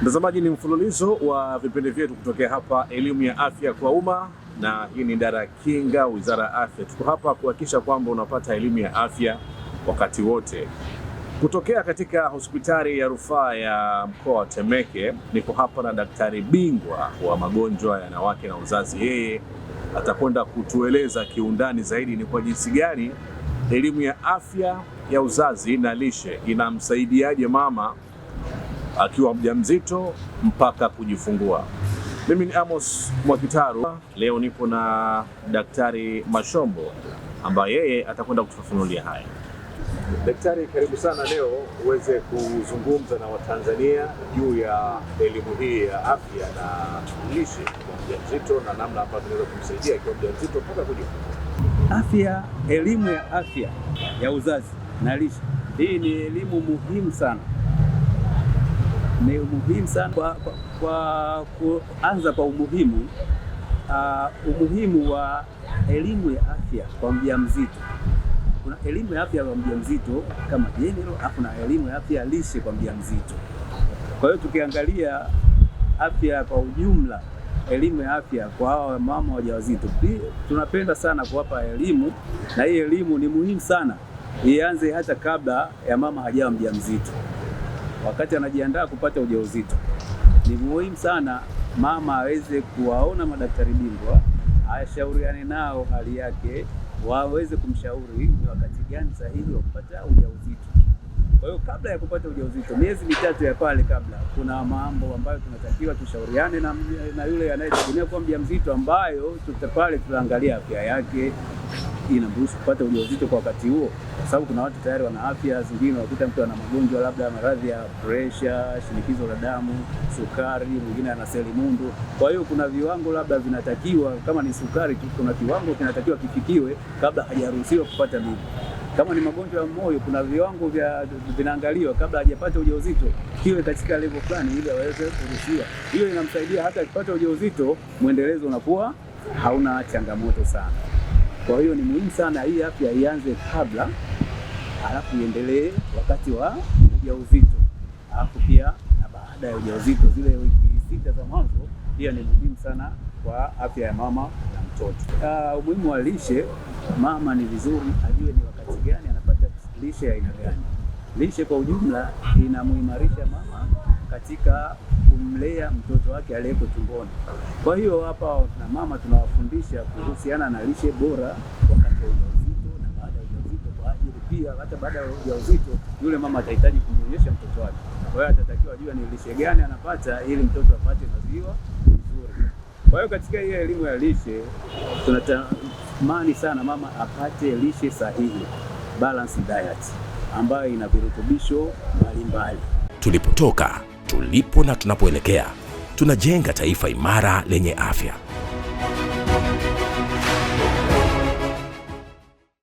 Mtazamaji, ni mfululizo wa vipindi vyetu kutokea hapa Elimu ya Afya kwa Umma, na hii ni idara ya kinga, Wizara ya Afya. Tuko hapa kuhakikisha kwamba unapata elimu ya afya wakati wote. Kutokea katika hospitali ya rufaa ya mkoa wa Temeke, niko hapa na daktari bingwa wa magonjwa ya wanawake na uzazi. Yeye atakwenda kutueleza kiundani zaidi ni kwa jinsi gani elimu ya afya ya uzazi na lishe inamsaidiaje mama akiwa mjamzito mpaka kujifungua. Mimi ni Amos Mwakitaru. Leo nipo na Daktari Mashombo ambaye yeye atakwenda kutufafanulia haya. Daktari, karibu sana leo uweze kuzungumza na Watanzania juu ya elimu hii ya afya na lishe kwa mjamzito na namna ambavyo tunaweza kumsaidia akiwa mjamzito mpaka kujifungua. Afya, elimu ya afya ya uzazi na lishe, hii ni elimu muhimu sana ni umuhimu sana kwa, kwa, kwa kuanza kwa umuhimu uh, umuhimu wa elimu ya afya kwa mjamzito. Kuna elimu ya afya kwa mjamzito kama general, alafu na elimu ya afya lishe kwa mjamzito. Kwa hiyo tukiangalia afya kwa ujumla, elimu ya afya kwa hawa mama wajawazito, tunapenda sana kuwapa elimu, na hii elimu ni muhimu sana ianze hata kabla ya mama hajawa mjamzito wakati anajiandaa kupata ujauzito. Ni muhimu sana mama aweze kuwaona madaktari bingwa, ashauriane nao hali yake, waweze kumshauri ni wakati gani sahihi wa kupata ujauzito. Kwa hiyo kabla ya kupata ujauzito, miezi mitatu ya pale kabla, kuna mambo ambayo tunatakiwa tushauriane na, na yule anayetegemea kuwa mjamzito, ambayo tutapale tutaangalia afya yake inamruhusu kupata ujauzito kwa wakati huo, kwa sababu kuna watu tayari wana afya zingine, unakuta mtu ana magonjwa labda maradhi ya presha, shinikizo la damu, sukari, mwingine ana selimundu. Kwa hiyo kuna viwango labda vinatakiwa, kama ni sukari, kuna kiwango kinatakiwa kifikiwe kabla hajaruhusiwa kupata mimba kama ni magonjwa ya moyo kuna viwango vya vinaangaliwa kabla hajapata ujauzito, kiwe katika level fulani ili aweze kuruhusiwa. Hiyo inamsaidia hata akipata ujauzito, mwendelezo unakuwa hauna changamoto sana. Kwa hiyo ni muhimu sana hii afya ianze kabla, alafu iendelee wakati wa ujauzito, alafu pia na baada ya ujauzito, zile wiki sita za mwanzo pia ni muhimu sana kwa afya ya mama na mtoto. Uh, umuhimu wa lishe, mama ni vizuri ajue ni wakati gani anapata lishe ya aina gani. Lishe kwa ujumla inamuimarisha mama katika kumlea mtoto wake aliyeko tumboni. Kwa hiyo hapa na mama tunawafundisha kuhusiana na lishe bora wakati wa ujauzito na baada ya ujauzito, kwa ajili pia hata baada ya ujauzito yule mama atahitaji kumnyonyesha mtoto wake. Kwa hiyo atatakiwa ajue ni lishe gani anapata ili mtoto apate maziwa vizuri. Kwa hiyo katika ile elimu ya lishe tunatamani sana mama apate lishe sahihi, balanced diet ambayo ina virutubisho mbalimbali. Tulipotoka tulipo na tunapoelekea, tunajenga taifa imara lenye afya.